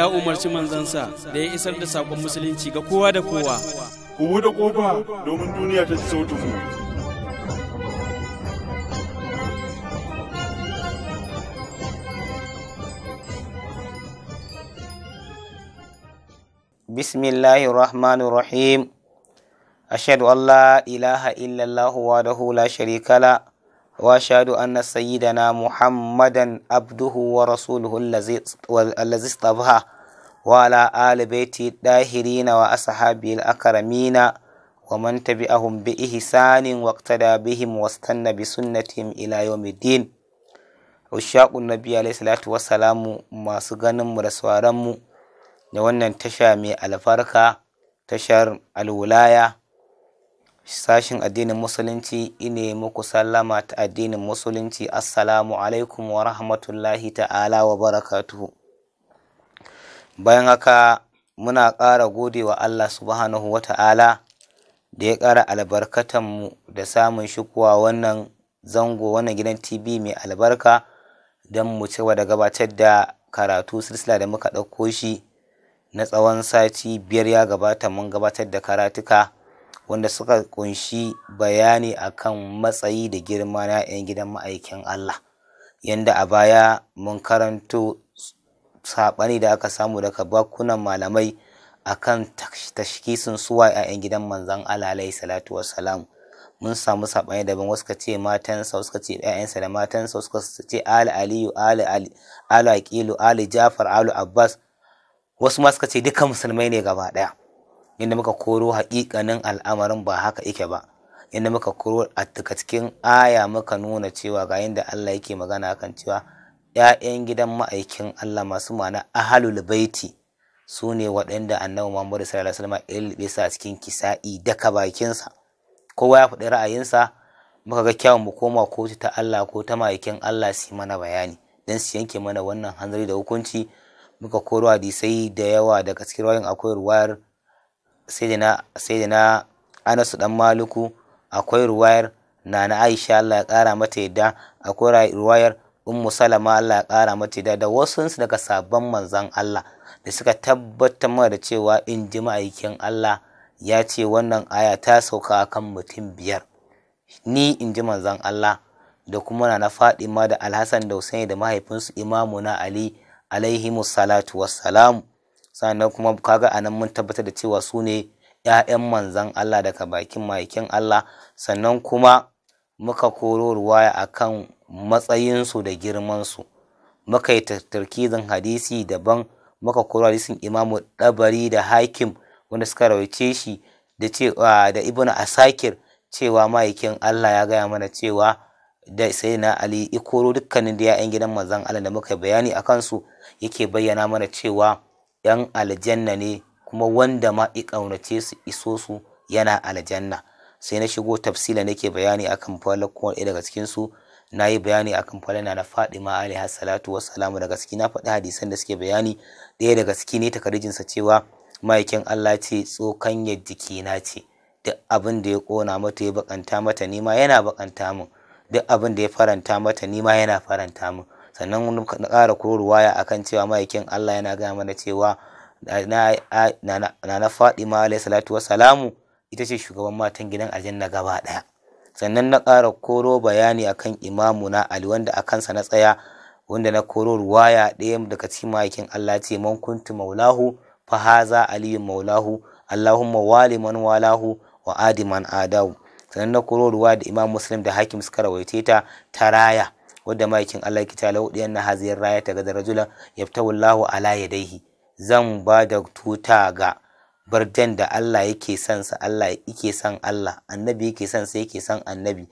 ya umarci manzansa da ya isar da saƙon musulunci ga kowa da kowa. Ku buɗe ƙofa domin duniya ta ji sautinmu. Bismillahi Rahmanu Rahim, Ashadu Allah ilaha illallah wa da hula sharikala. wa shaɗu an na sayi na muhammadan abduhu wa rasuluhu lalazis tabha wa la'ala bai ti ɗahiri na wa asahabi al'akarami na wa manta bi ahun bi ihi sanin wakta da bihim wasu tanna bi sunnatin ilayomidin ushaƙun na biya lai salatu wa salamu masu ganinmu da sauranmu da wannan tasha mai alfarka tashar alwulaya sashin addinin musulunci ine muku sallama ta addinin musulunci assalamu alaikum wa rahmatullahi ta'ala wa barakatuhu bayan haka muna ƙara gode wa Allah subhanahu wa ta'ala da ya ƙara albarkatanmu da samun shukuwa, wannan zango wannan gidan tv mai albarka don mu cewa da gabatar da karatu silsila da muka ɗauko shi na tsawon sati biyar ya gabata mun gabatar da karatuka wanda suka kunshi bayani akan matsayi da girma na 'yan gidan ma'aikin Allah yanda a baya mun karanto saɓani da aka samu daga bakunan malamai akan tashkisin suwa 'ya'yan gidan manzan Allah alaihi salatu wassalam mun samu saɓani daban wasu ka ce matansa wasu ka ce 'ya'yansa da matansa wasu ka ce ali aliyu ali ali ali aqilu ali jafar ali abbas wasu ma suka ce duka musulmai ne gaba ɗaya inda muka koro haƙiƙanin al'amarin ba haka ike ba inda muka koro a cikin aya muka nuna cewa ga yadda Allah yake magana kan cewa ‘ya'yan gidan ma'aikin Allah masu ma'ana ahalul baiti su ne waɗanda annabi Muhammadu sallallahu alaihi wasallam ya lulluɓe su a cikin kisa'i daga bakinsa kowa ya faɗi ra'ayinsa muka ga kyawun mu koma kotu ta Allah ko ta ma'aikin Allah su mana bayani don su yanke mana wannan hanzari da hukunci muka koro hadisai da yawa daga cikin rawayin akwai ruwayar sayyidina Anas dan Maluku, akwai ruwayar Nana Aisha Allah ya kara mata yadda akwai ruwayar Ummu Salama Allah ya kara mata yadda da wasu daga sabon manzon Allah da suka tabbatar mana da cewa in ji ma'aikin Allah ya ce wannan aya ta sauka kan mutum biyar ni in ji manzon Allah da kuma na Fadima da Alhassan da Husaini da mahaifinsu Imamuna Ali alaihimu salatu wassalamu sannan kuma kaga a nan mun tabbatar da cewa su ne ‘ya'yan manzan Allah daga bakin maikin Allah sannan kuma muka koro ruwaya a kan matsayinsu da girmansu muka yi tarkizin hadisi daban muka koro hadisin imamu dabari da hakim wanda suka rawaice shi da cewa da ibn asakir cewa ma'aikin Allah ya gaya mana cewa da sai na ali ikoro dukkanin da 'ya'yan gidan manzan Allah da muka bayani a kansu yake bayyana mana cewa 'yan aljanna ne kuma wanda ma i ƙaunace su iso su yana aljanna sai na shigo tafsila nake bayani akan falon kowane ɗaya daga cikin su na yi bayani akan falon na faɗi Ali alaiha salatu wasu daga ciki na faɗi hadisan da suke bayani ɗaya daga ciki ne takarijinsa cewa ma'aikin Allah ce tsokanyar na ce duk abin da ya kona mata ya bakanta mata nima yana bakanta min duk abin da ya faranta mata nima yana faranta min sannan wani na ƙara koro ruwaya kan cewa ma'aikin Allah yana gaya mana cewa na na Fatima alayhi salatu salamu, ita ce shugaban matan gidan aljanna gaba ɗaya sannan na ƙara koro bayani akan imamu na Ali wanda a kansa na tsaya wanda na koro ruwaya ɗaya daga cikin ma'aikin Allah ce man kuntu maulahu fa haza aliyu maulahu Allahumma wali man walahu wa adi man adahu sannan na koro ruwa da Imam Muslim da Hakim suka rawaite ta ta raya wadda ma'aikin Allah ki tala hudu yana haziyar raya ta gadar rajulan wallahu ala ya daihi zan ba da tuta ga bardan da Allah yake son sa Allah yake son Allah annabi yake son sa yake son annabi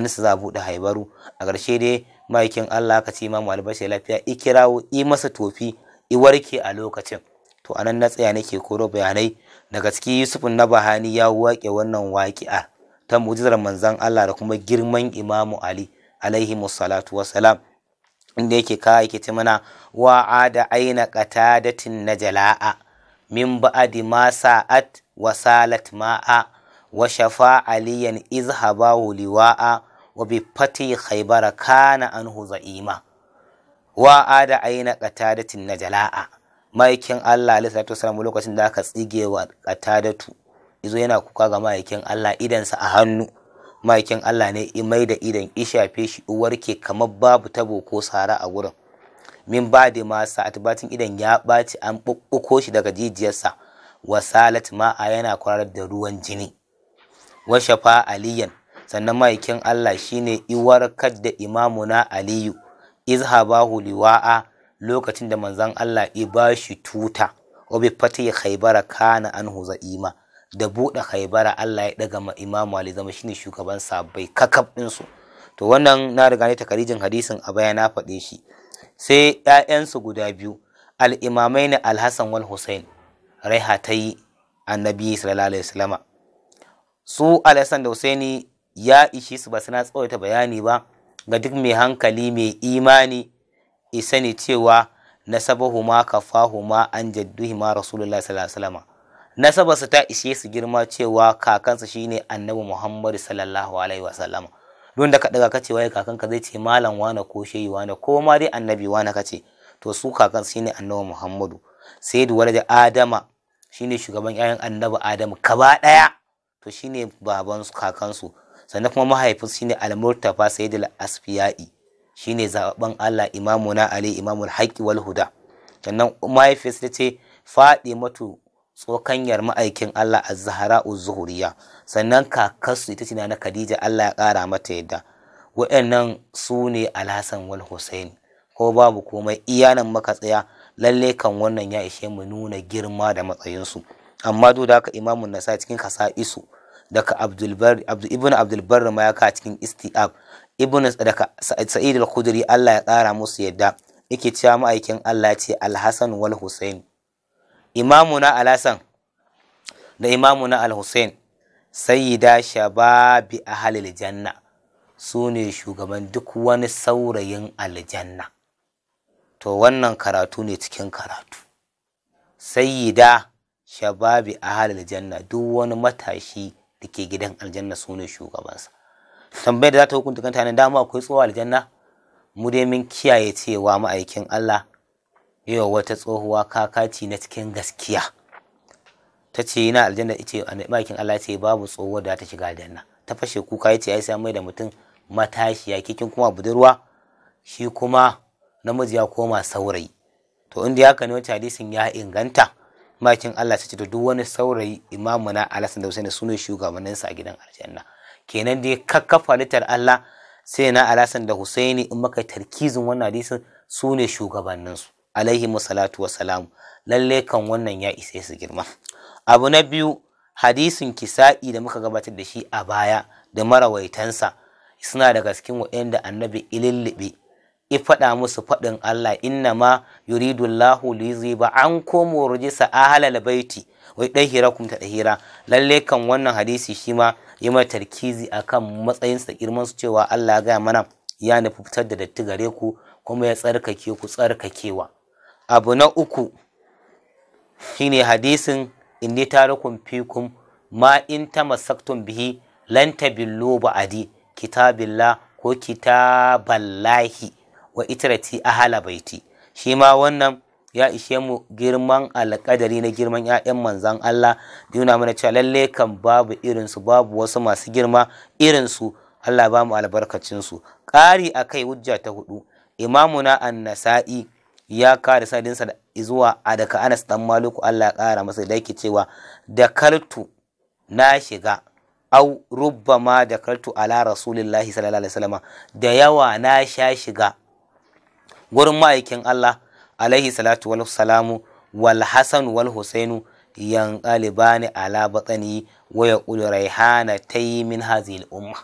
nisa za buɗe haibaru a ƙarshe dai ma'aikin Allah ka ce imamu albashi lafiya i kirawo i masa tofi i warke a lokacin to anan na tsaya nake koro bayanai daga ciki Yusuf na Bahani ya wake wannan waƙi'a ta mu'jizar manzon Allah da kuma girman Imamu Ali alaihi musallatu salam inda yake ka yake mana wa ada aina qatadatin jala'a. min ba'di ma sa'at wa salat ma'a wa shafa aliyan izhaba liwa'a wa bi fati khaybara kana anhu za'ima wa ada aina qatadatin jala'a. maikin Allah alaihi salatu wasalam lokacin da aka tsige wa qatadatu izo yana kuka ga maikin Allah idansa a hannu ma'aikin Allah ne mai da idan ishafe shi uwarke kamar babu tabo ko sara a wurin min ba da ma sa'at batin idan ya ɓaci an ɓuɓɓuko shi daga jijiyarsa wasalat a yana kwarar da ruwan jini wa shafa aliyan sannan ma'aikin Allah shine iwarkar da imamuna aliyu izhabahu liwa'a lokacin da manzon Allah ya bashi tuta wa bi fati khaybara kana anhu za'ima da buɗe haibara Allah ya ɗaga ma Imam Ali zama shine shugaban sahabbai kakab ɗinsu to wannan na riga ne takarijin hadisin a baya na faɗe shi sai ‘ya'yansu guda biyu al al'imamai na alhassan wal hussein raiha annabi sallallahu alaihi wasallama su alhassan da husaini ya ishi su ba suna tsawaita bayani ba ga duk mai hankali mai imani isa ne cewa nasabahuma kafahuma an jadduhi ma rasulullahi sallallahu alaihi wasallama su ta ishe su girma cewa kakansa shine annabi muhammadu sallallahu alaihi wasallam don da ka daga ka ce waye kakanka zai ce malam wane ko shehi wane ko ma dai annabi wane ka to su kakan shine annabi muhammadu sai da adama shine shugaban yayan annabi adamu kaba daya to shine baban su kakansu sannan kuma mahaifin shine al-murtafa sayyidul asfiya'i shine zaɓen Allah imamuna ali imamul haqqi wal huda sannan mahaifiyarsa ta ce matu tsokanyar ma'aikin Allah a zahara zuhuriya sannan kakarsu ita ce na Khadija Allah ya ƙara mata yadda waɗannan su ne alhassan wal Hussein ko babu komai iyanan maka tsaya lalle kan wannan ya ishe mu nuna girma da matsayinsu amma duk da haka imamun nasa cikin Kasa isu daga ibn abdulbar ma ya ka cikin istiab ibn daga sa'id al-khudri Allah ya ƙara musu yadda yake cewa ma'aikin Allah ce alhassan wal Hussein imamuna Alhassan da imamuna al-hussein sayyida shababi ahalil janna su ne shugaban duk wani saurayin aljanna to wannan karatu ne cikin karatu sayyida shababi ahalil janna duk wani matashi da ke gidan aljanna su ne shugabansa tambayar da za ta hukunta kanta ne dama akwai tsohon aljanna mu dai mun kiyaye cewa ma'aikin Allah yau wata tsohuwa kakaci na cikin gaskiya ta ce yana aljanna a na'imakin Allah ce babu tsohuwar da ta shiga aljanna ta fashe kuka yace ai sai mai da mutum matashiya kikin kuma budurwa shi kuma namiji ya koma saurayi to inda ya kane wancan hadisin ya inganta makin Allah ta ce da duk wani saurayi imamu na Alhassan da Husaini sune sa a gidan aljanna kenan dai kakkafa litar Allah sai na Alhassan da Husaini in maka tarkizin wannan hadisin sune shugabanninsu alaihi salatu salamu. lalle kan wannan ya isa su girma abu na biyu hadisin kisa'i da muka gabatar da shi a baya da marawaitansa suna daga cikin waɗanda annabi ilillibe i faɗa musu faɗin Allah inna ma yuridu Allahu li an komo rujisa ahlal baiti wai dahirakum ta dahira lalle kan wannan hadisi shi ma yi mai tarkizi akan matsayin sa girman su cewa Allah ga mana ya nufi fitar da datti gare ku kuma ya tsarkake ku tsarkakewa abu na uku shine hadisin ni tarukun fikum ma in ta masaktun bihi lan tabillu ba'adi kitabilla ko kitaballahi wa itirati ahala baiti shi ma wannan ya ishe mu girman alƙadari na girman 'ya'yan manzan Allah nuna mana cewa lalle kan babu irinsu babu wasu masu girma irinsu Allah ba mu albarkacinsu ƙari a kai hujja ta hudu imamuna an nasa'i ya kare sadinsa da zuwa a daga Anas dan maluku Allah ya kara masa da yake cewa da kaltu na shiga au rubbama da kaltu ala rasulillahi sallallahu alaihi wasallam da yawa na sha shiga gurin ma'aikin Allah alaihi salatu wal salamu wal hasan wal husainu yan qalibani ala batani wa yaqulu raihana tayi min hazil umma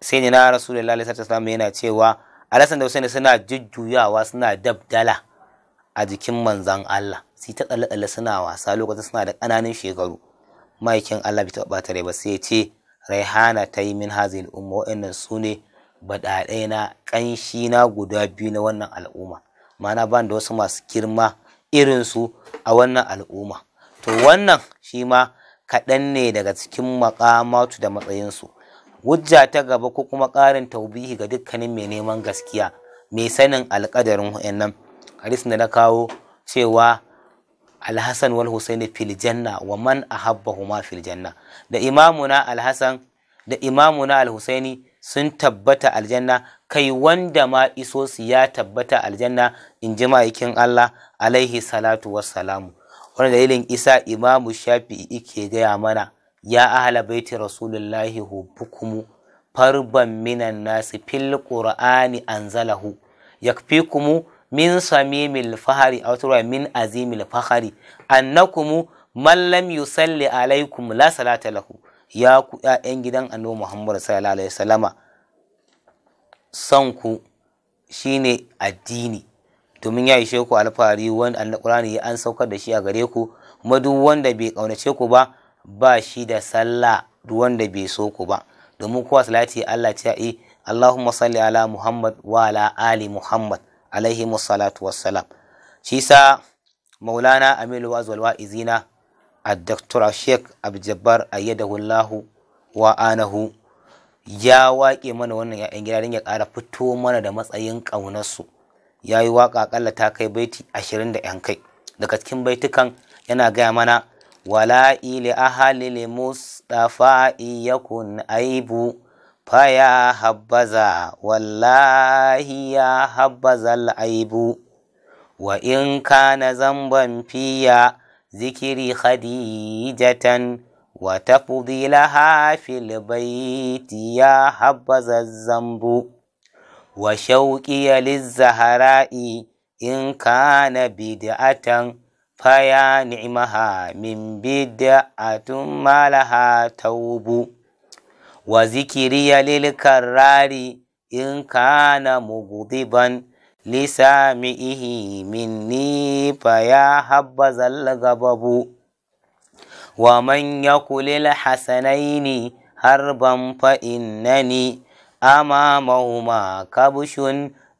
sai ni na rasulullahi sallallahu alaihi wasallam yana cewa Alhassan da Hussaini suna jujjuyawa suna dabdala a jikin manzan Allah sai ta tsalle-tsalle suna wasa lokacin suna da ƙananan shekaru ma'aikin Allah bai taɓa ɓata rai ba sai ya ce raihana ta yi min hazil umma wa'annan su ne baɗaɗai na ƙanshi na guda biyu na wannan al'umma ma'ana ban da wasu masu girma irin su a wannan al'umma to wannan shi ma kaɗan ne daga cikin maƙamatu da matsayinsu wujja ta gaba ko kuma ƙarin taubihi ga dukkanin mai neman gaskiya mai sanin alƙadarin wayannan hadisin da na kawo cewa alhassan wal filjanna fil janna wa man ahabbahuma fil janna da imamuna alhassan da imamuna alhusaini sun tabbata aljanna kai wanda ma iso su ya tabbata aljanna in ji ma'aikin Allah alaihi salatu wassalamu wani dalilin isa imamu shafi'i ke gaya mana ya ahla baiti rasulullahi hubbukum farban minan nasi fil qur'ani anzalahu yakfikum min samimil fahari aw min azimil fahari annakum man lam yusalli alaikum la salata lahu ya ku ƴaƴan gidan annabi Muhammad sallallahu alaihi wasallama Sanku shine addini domin ya ishe ku alfahari wanda alƙur'ani ya an saukar da shi a gare ku kuma duk wanda bai ƙaunace ku ba ba shi da sallah duk wanda bai so ku ba domin kuwa salati Allah ta yi Allahumma salli ala Muhammad wa ala ali Muhammad alaihi musallatu wassalam shi sa maulana amil waz wal wa'izina Dr. Sheikh Abdul ayyadahu Allah wa anahu ya waƙe mana wannan ya'yan gida don ya ƙara fito mana da matsayin ƙaunarsu ya yi waƙa aƙalla ta kai baiti ashirin da 'yan kai daga cikin baitukan yana gaya mana ولا إلى أهل المصطفى يكن أيبو فيا حبذا والله يا حبذا العيب وإن كان ذنبا فيا ذكر خديجة لها في البيت يا حبذا الذنب وشوقي للزهراء إن كان بدعة فيا نعمها من بدعة ما لها توب وذكري للكرار إن كان مغضبا لسامئه مني فيا حبذا الغضب ومن يقل الحسنين هربا فإنني أمامهما كبش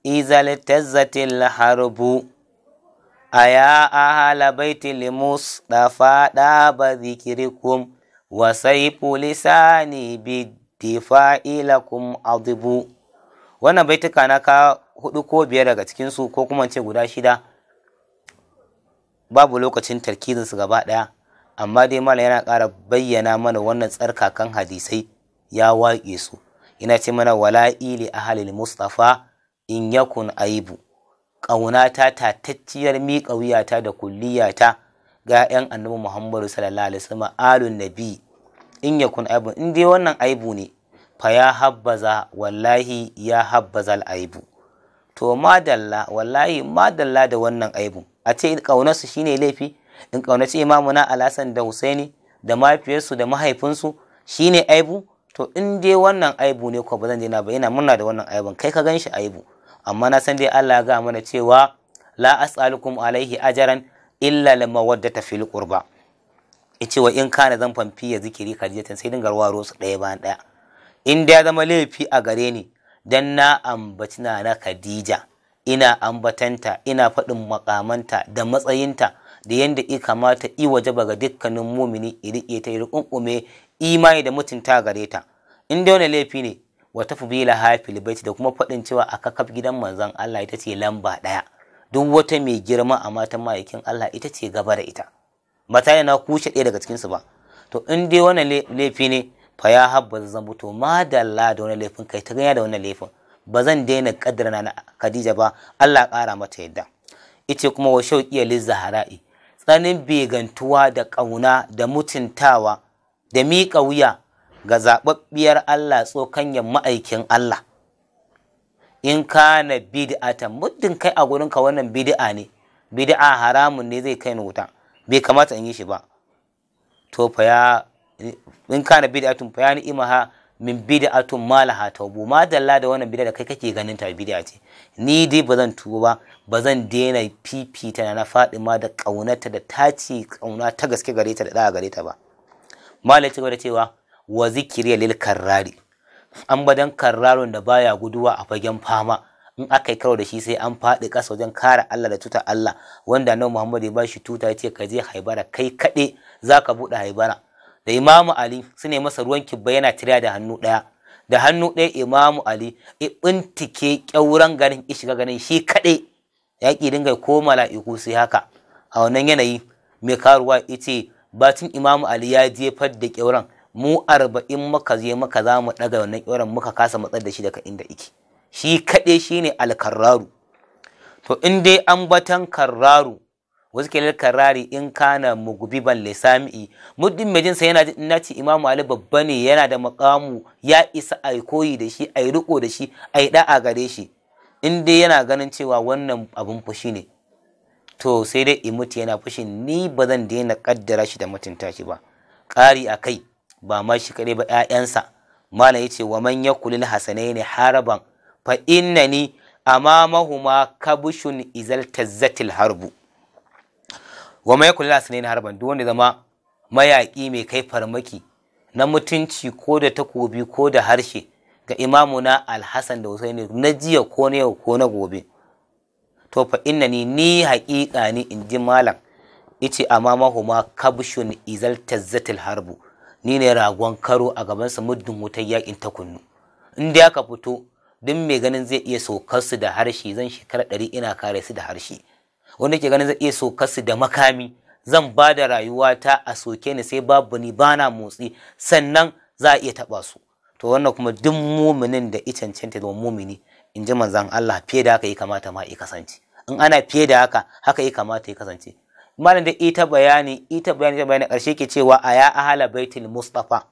إذا التزت الحرب ahala أيا أهل بيت المصطفى داب ذكركم وسيف لساني بالدفاع لكم أضب wannan baituka na ka hudu ko biyar daga cikinsu ko kuma ce guda shida babu lokacin su gaba ɗaya amma dai mala yana ƙara bayyana mana wannan tsarkakan hadisai ya waƙe su ina ce mana wala'ili ahalil mustafa in yakun aibu ƙaunata tacciyar miƙa wuyata da kulliyata ga 'yan annabi muhammadu sallallahu alaihi wasallam alun nabi in kun aibu in dai wannan aibu ne fa ya habbaza wallahi ya habbaza aibu to madalla wallahi madalla da wannan aibu a ce ƙaunarsu shine laifi in ƙaunaci imamuna alhassan da husaini da mafiyarsu da mahaifinsu shine aibu to in dai wannan aibu ne ko ba zan daina ba ina murna da wannan aibun kai ka gan shi aibu amma na san dai Allah ga mana cewa la as'alukum alaihi ajaran illa lama wadda fil qurba yace wa in kana zan famfi ya zikiri kadijatan sai dinga waro su daya bayan daya in da ya zama laifi a gare ni dan na ambaci na na Khadija ina ambatanta ina faɗin makamanta da matsayinta da yanda i kamata i waje ga dukkanin mumini iri riƙe ta iri kunkume imani da mutunta gare ta in da wani laifi ne wata fubila ha fil da kuma faɗin cewa a kakaf gidan manzon Allah ita ce lamba ɗaya duk wata mai girma a matan ma'aikin Allah ita ce gaba da ita ba ta na kushe ɗaya daga cikinsu ba to in dai wannan laifi ne fa ya habba zan to madalla da wani laifin kai ta ganya da wani laifin ba zan daina kadar na Khadija ba Allah ƙara mata yadda ice kuma wa shauƙiya liz zahara'i tsanin begantuwa da ƙauna da mutuntawa da miƙa wuya ga zaɓaɓɓiyar Allah tsokanyar ma'aikin Allah in kana ta muddin kai a ka wannan bid'a ne bid'a haramun ne zai kai ni wuta bai kamata in yi shi ba to in ka na kana tun faya ya ni'imaha min bid'atun ma ta taubu ma dalla da wannan bid'a da kai kake ganin ta bid'a ce ni dai ba zan tuba ba ba zan daina fifita na faɗi ma da ƙaunata da ta ce ƙauna ta gaske gare ta da da'a gare ta ba malai ci da cewa wa zikiri lil karrari an badan karraron da baya guduwa a fagen fama in aka yi karo da shi sai an faɗi ƙasa wajen kare Allah da tuta Allah wanda nan Muhammad ya bashi tuta ya ce ka je haibara kai kaɗe za ka buɗe haibara da Imamu Ali su ne masa ruwan kibba yana tira da hannu ɗaya da hannu ɗaya Imamu Ali ya bintike ƙyauren garin ki shiga ganin shi kaɗe yaƙi dinga ko mala'iku sai haka a wannan yanayi mai karuwa ya ce batun Imamu Ali ya jefar da ƙyauren mu arba'in muka je muka za mu ɗaga wannan ƙyoron muka kasa matsar da shi daga inda iki shi kaɗai shi ne alkarraru to in dai an batan karraru wasu ke in kana mugubiban lisami'i muddin mai jinsa yana jin ce imamu ali babba ne yana da makamu ya isa a koyi da shi a yi riko da shi a yi da'a gare shi in dai yana ganin cewa wannan abin fushi ne to sai dai imuti yana fushi ni ba zan daina kaddara shi da mutunta shi ba ƙari a kai ba ma shi kaɗai ba 'ya'yansa malam yace wa man yakulil hasanaini haraban fa innani amamahuma kabushun izal tazzatil harbu wa man yakulil hasanaini haraban duk wanda zama mayaƙi mai kai farmaki na mutunci ko da takobi ko da harshe ga imamuna alhassan da husaini na jiya ko na yau ko na gobe to fa innani ni haƙiƙa ni in ji malam ice amamahuma kabushun izal tazzatil harbu ni ne ragon karo a gaban gabansa muddin wutar yakin ta kunnu in da ka fito duk mai ganin zai iya sokar su da harshe zan shekara ɗari ina kare su da harshe wanda ke ganin zai iya sokar su da makami zan ba da rayuwata a soke ni sai babu ni bana motsi sannan za a iya taɓa su to wannan kuma duk muminin da i cancanta da mumini in ji manzan Allah fiye da haka ya kamata ma ya kasance in ana fiye da haka haka ya kamata ya kasance malam da ita bayani ita bayani bayani ƙarshe ke cewa a ya ahala baitul mustafa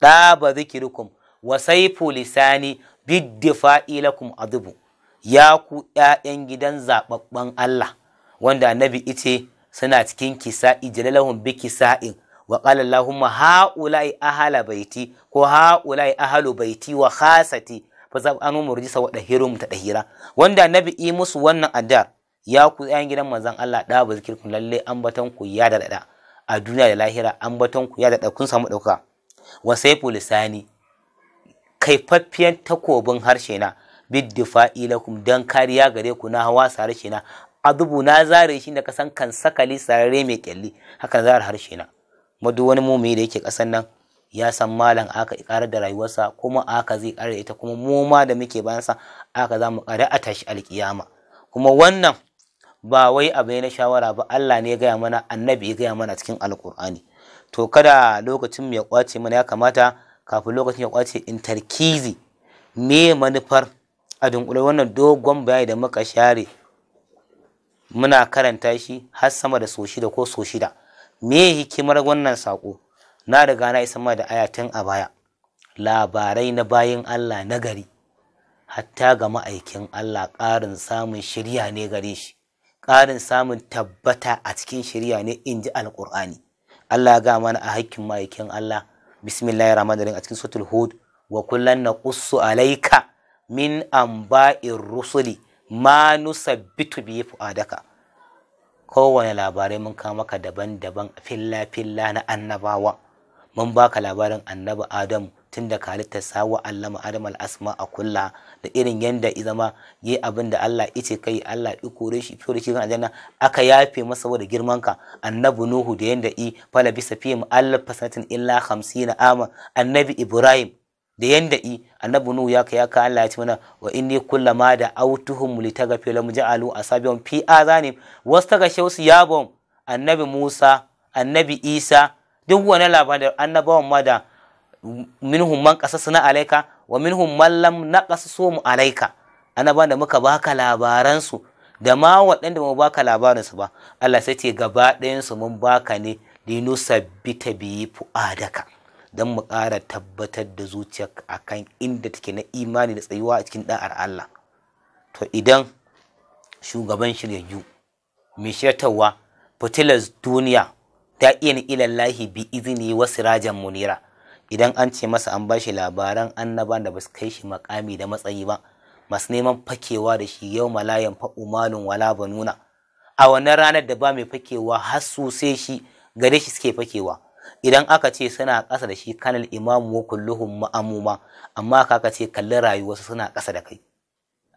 da ba zikirukum wa saifu lisani biddifa ilakum adubu ya ku ƴaƴan gidan zababban Allah wanda annabi ice suna cikin kisa ijlalahum bi kisa'in wa qala allahumma haula'i ahala baiti ko haula'i ahalu baiti wa khasati fa zab'anu murjisa wa dahirum dahira wanda annabi yi musu wannan addu'a ya ku tsayan gidan manzon Allah da ba zikirkum lalle ambaton ku ya daɗa a duniya da lahira ambaton ku ya daɗa kun samu ɗauka wa saifu lisani kaifaffiyan takobin harshe na biddifa ilakum dan kariya gare ku na hawa shi na adubu na zare shi da kasan kan sakali sarare mai kyalli haka zare harshe na madu wani mumi da yake kasan nan ya san malam aka ƙara da rayuwarsa kuma aka zai da ita kuma mu ma da muke bayansa aka za mu kare a tashi alkiyama kuma wannan ba wai abu na shawara ba Allah ne ya gaya mana annabi ya gaya mana cikin alkur'ani to kada lokacin ya kwace mana ya kamata kafin lokacin ya kwace in tarkizi me manufar a dunkule wannan dogon bayani da muka share muna karanta shi har sama da so shida ko so shida me hikimar wannan sako na riga na isa da ayatan a baya labarai na bayin Allah na gari hatta ga ma'aikin Allah ƙarin samun shirya ne gare shi ƙarin samun tabbata a cikin shirya ne in ji alƙur'ani Allah ya ga mana a hakkin ma'aikin Allah bismillahir rahmanir rahim a cikin suratul hud wa kullan naqussu alayka min anba'ir rusuli ma nusabbitu bi fu'adaka kowane labarai mun kawo maka daban-daban filla-filla na annabawa mun baka labarin annabi Adamu tun da kalita sawa wa allama adam al'asma a kulla da irin yanda i zama yi abin da Allah ice kai Allah i kore shi fiye da shi aljanna aka yafe masa saboda girman ka annabi nuhu da yanda i fala bisa fihim alf fasatin illa 50 ama annabi ibrahim da yanda i annabi nuhu ya kai ya ka Allah ya ci mana wa inni ma da autuhum litagafi lam ja'alu asabiyum fi azani su yabon annabi musa annabi isa duk wani labarin annabawan ma da minhum man qasasna alayka wa minhum man lam naqasasum alayka ba da muka baka labaran su da ma waɗanda mu baka labaran su ba Allah sai ce gaba ɗayan su mun baka ne dinu sabbita bi fu'adaka dan mu ƙara tabbatar da zuciyarka akan inda take na imani da tsayuwa a cikin da'ar Allah to idan shugaban shiryayyu mai shirtarwa fitilar duniya ta iya ni ilallahi bi izini wasu rajan munira idan an ce masa an bashi labaran annaba da basu kai shi makami da matsayi ba masu neman fakewa da shi yau malayan umalun wala nuna, a wannan ranar da ba mai fakewa har su shi gare shi suke fakewa idan aka ce suna ƙasa da shi kanal imamu wa kulluhum ma'amuma amma kaka ce kalli rayuwarsu suna ƙasa da kai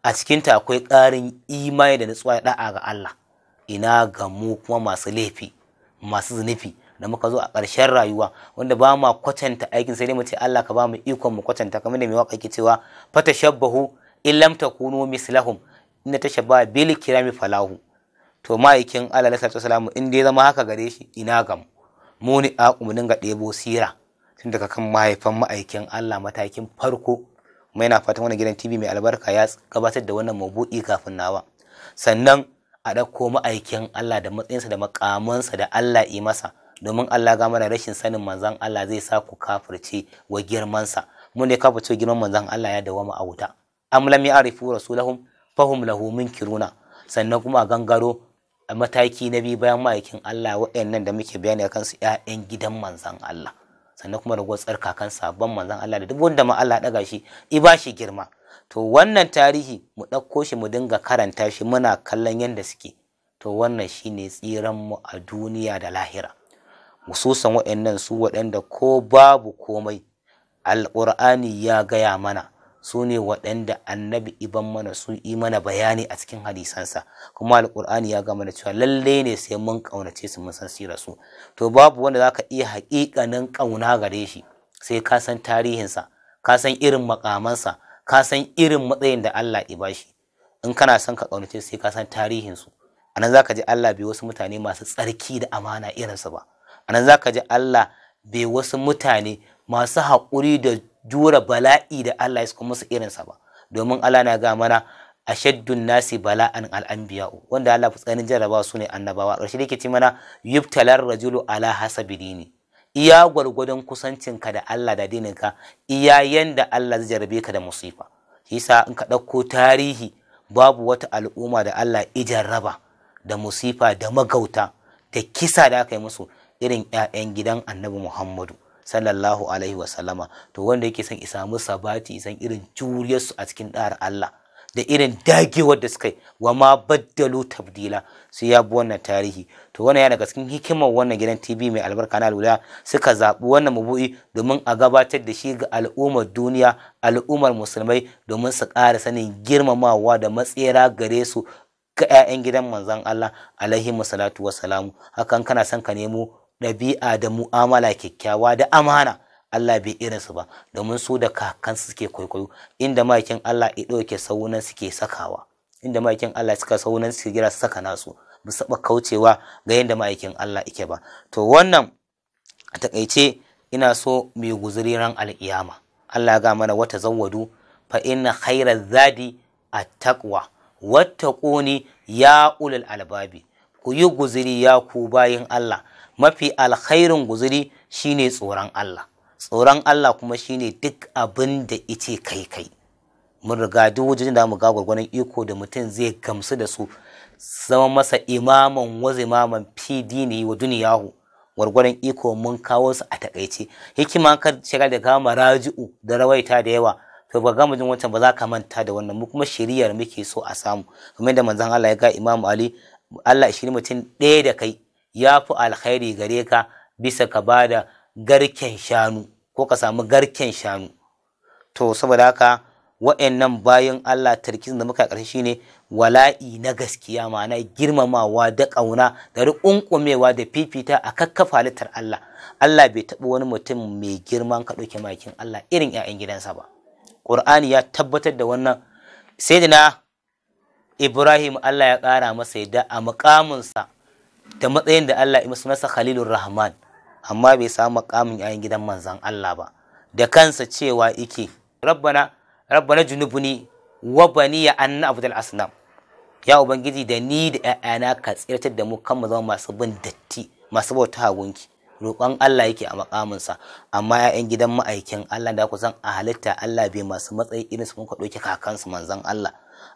a cikin ta akwai ƙarin imani da nutsuwa da'a ga Allah ina ga mu kuma masu laifi masu zunufi da muka zo a ƙarshen rayuwa wanda ba ma kwatanta aikin sai dai mu ce Allah ka ba mu ikon mu kwatanta kamar da mai waka yake cewa fatashabbahu shabbahu lam takunu mislahum inna tashabba bil kirami falahu to ma'aikin Allah sallallahu alaihi wasallam in dai zama haka gare shi ina gam mu ni a mu dinga ɗebo sira tun daga kan mahaifan ma'aikin Allah matakin farko mai na fatan wannan gidan TV mai albarka ya gabatar da wannan mabu'i kafin nawa sannan a ɗauko ma'aikin Allah da matsayinsa da makamansa da Allah yi masa domin Allah ga mana rashin sanin manzan Allah zai sa ku kafirce wa girmansa mun ne kafirce girman manzan Allah ya dawama a wuta am lam ya'rifu rasulahum fahum lahu munkiruna sannan kuma a gangaro a mataki na biyu bayan ma'aikin Allah waɗannan da muke bayani akan su ƴaƴan gidan manzan Allah sannan kuma tsarka kan sabon manzan Allah da duk wanda ma Allah ɗaga shi i ba shi girma to wannan tarihi mu ɗauko shi mu dinga karanta shi muna kallon yadda suke to wannan shine tsiran mu a duniya da lahira hususan waɗannan su waɗanda ko babu komai alƙur'ani ya gaya mana su ne waɗanda annabi iban mana su yi mana bayani a cikin hadisansa kuma alƙur'ani ya gama da cewa lalle ne sai mun ƙaunace su mun san sirar su to babu wanda za ka iya haƙiƙanin ƙauna gare shi sai ka san tarihinsa ka san irin makamansa ka san irin matsayin da Allah ya bashi in kana son ka ƙaunace sai ka san tarihinsu a nan za ka ji Allah bai wasu mutane masu tsarki da amana irinsu ba anan za ka ji Allah bai wasu mutane masu haƙuri da jura bala'i da Allah ya kuma musu irinsa ba domin Allah na ga mana ashaddun nasi bala'an al'anbiya'u wanda Allah tsanin jarrabawa su ne annabawa ƙarshe da ke ci mana yubtalar rajulu ala hasabi dini iya gwargwadon kusancinka da Allah da dininka iya yanda Allah zai jarabe ka da musifa yasa in ka ɗauko tarihi babu wata al'umma da Allah ijarraba da musifa da magauta da kisa da aka yi musu irin 'ya'yan gidan annabi muhammadu sallallahu alaihi wasallama to wanda yake son isamu sabati san irin juriyarsu a cikin ɗar Allah da irin dagewar da suka yi wa ma baddalo tabdila su ya bi wannan tarihi to wannan yana daga cikin hikimar wannan gidan TV mai albarka na lura suka zaɓi wannan mabu'i domin a gabatar da shi ga al'ummar duniya al'ummar musulmai domin su ƙara sanin girmamawa da matsera gare su ga 'ya'yan gidan manzon Allah alaihi salatu wasalamu hakan kana son ka nemo ɗabi'a da mu'amala kyakkyawa da amana Allah bai irin su ba domin su da kakansu suke kwaikwayo inda makin Allah ya ɗauke saunan suke sakawa inda makin Allah suka saunan suke gira su saka nasu ba saba kaucewa ga yadda ma'aikin Allah yake ba to wannan a takaice ina so mai guzuri ran al'iyama Allah ga mana wata zawwadu fa inna khairar zadi a taqwa wata ƙoni ya ulul albabi ku yi guzuri ya ku bayin Allah mafi alkhairin guzuri shine tsoron Allah tsoron Allah kuma shine duk abin da ice kai kai mun riga duk wajen da mu ga gwargwanon iko da mutum zai gamsu da su zama masa imaman wazimaman PD ne wa duniyahu gwargwaron iko mun kawo su a takaice hikima ka shiga da gama raji'u da rawaita da yawa to ba gama jin wancan ba za ka manta da wannan mu kuma shiriyar muke so a samu kamar da manzon Allah ya ga Imam Ali Allah shi mutum ɗaya da kai ya fi alkhairi gare ka bisa ka ba da garken shanu ko ka samu garken shanu to saboda haka wa'annan bayan Allah tarkizin da muka ƙarshe shine wala'i na gaskiya ma'ana girmamawa da ƙauna da rikunkumewa da fifita a kakkafa halittar Allah Allah bai taɓa wani mutum mai girman ka ɗauke makin Allah irin 'ya'yan gidansa ba ƙur'ani ya tabbatar da wannan sai Ibrahim Allah ya ƙara masa yadda a muƙaminsa da matsayin da Allah ya masa masa Khalilur Rahman amma bai samu makamin yayin gidan manzon Allah ba da kansa cewa ike rabbana rabbana junubuni wa bani ya anna abdul asnam ya ubangiji da ni da ƴaƴana ka tsirtar da mu kan mu zama masu bin datti masu bauta hagunki roƙon Allah yake a makaminsa amma ‘ya'yan gidan ma'aikin Allah da ku san a halitta Allah bai masu matsayi irin su muka ɗauki kakansu manzon Allah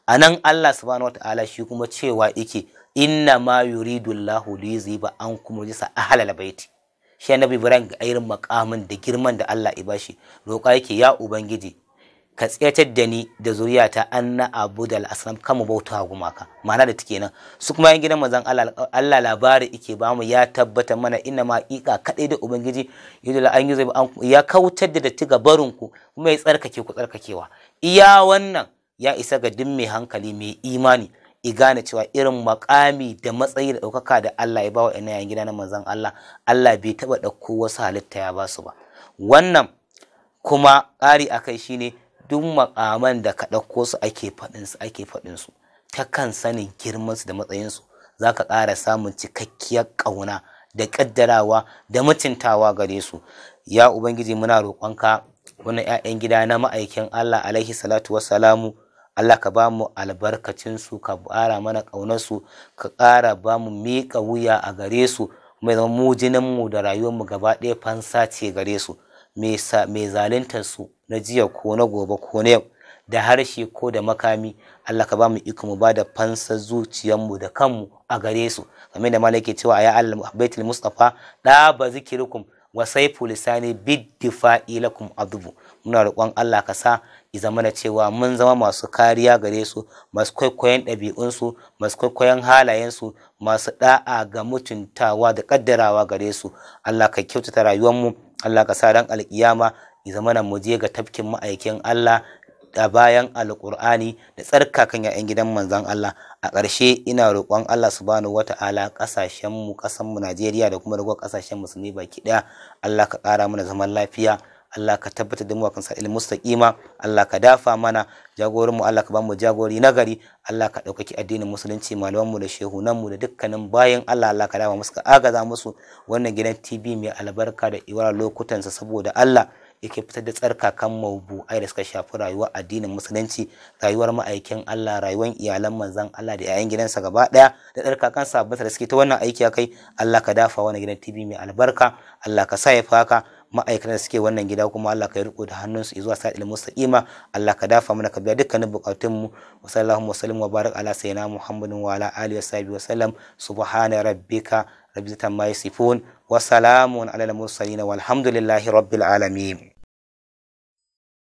a nan Allah subhanahu wataala shi kuma cewa yake inna ma yuridu Allahu li yuziba kuma jisa ahlal baiti shi annabi Ibrahim ga irin makamin da girman da Allah ya bashi roƙa yake ya ubangiji ka tsayatar da ni da zuriyata anna abuda al kama bauta gumaka ma'ana da take nan su kuma yan gidan manzon Allah labari yake ba mu ya tabbata mana inna ma iqa kadai da ubangiji yudul an yuziba an ya kautar da tiga ga barin ku kuma ya tsarkake ku tsarkakewa iya wannan ya isa ga dimmi hankali mai imani i gane cewa irin makami da matsayi da ɗaukaka da Allah ya bawa ina gida na manzon Allah Allah bai taɓa ɗauko wasu halitta ya ba su ba wannan kuma ƙari a kai shine duk makaman da ka ɗauko su ake faɗin su ake faɗin su ta kan sanin girman su da matsayin su zaka ƙara samun cikakkiyar ƙauna da ƙaddarawa da mutuntawa gare su ya ubangiji muna roƙonka wannan 'ya'yan gida na ma'aikin Allah alaihi salatu wassalamu Allah ka ba mu albarkacinsu ka ƙara mana ƙaunarsu ka ƙara ba mu miƙa wuya a gare su mai zama mu jininmu da rayuwarmu gaba ɗaya fansa ce gare su mai zaluntar su na jiya ko na gobe ko na yau da harshe ko da makami Allah ka ba mu iko mu ba da fansa zuciyarmu da kanmu a gare su kamar da malai ke cewa ya Allah baitul mustafa da ba zikirukum wa saifu lisani bid difa'i lakum adubu muna roƙon Allah ka sa zama na cewa mun zama masu kariya gare su masu kwaikwayon ɗabi'unsu masu kwaikwayon halayensu masu ɗa'a ga mutuntawa da ƙaddarawa gare su Allah ka kyautata rayuwarmu Allah ka sa ran alƙiyama ya zama na mu je ga tafkin ma'aikin Allah da bayan alƙur'ani da tsarkakan ya'yan gidan manzan Allah a ƙarshe ina roƙon Allah su subhanahu wata'ala ƙasashenmu ƙasanmu Najeriya da kuma raguwar ƙasashen musulmi baki ɗaya Allah ka ƙara mana zaman lafiya Allah ka tabbatar da mu akan sa ilmi mustaqima Allah ka dafa mana jagorin mu Allah ka ba mu jagori nagari Allah ka ɗaukaki addinin musulunci malaman mu da shehunan mu da dukkanin bayan Allah Allah ka dafa musu ka agaza musu wannan gidan TV mai albarka da iwara lokutan sa saboda Allah yake fitar da tsarkakan mawbu'ai da suka shafi rayuwar addinin musulunci rayuwar ma'aikin Allah rayuwar iyalan manzon Allah da yayan gidansa gaba daya da tsarkakan sabbata da suke ta wannan aiki kai Allah ka dafa wannan gidan TV mai albarka Allah ka sa ya faka ma'aikatan da suke wannan gida kuma Allah ka riko da hannunsu zuwa sa'il sa'ima Allah ka dafa mana ka biya dukkanin bukatun mu wa sallallahu wa sallam wa barik ala sayyidina muhammadin wa ala alihi wa sahbihi wa sallam subhana rabbika rabbil izzati yasifun wa على المرسلين والحمد لله walhamdulillahi العالمين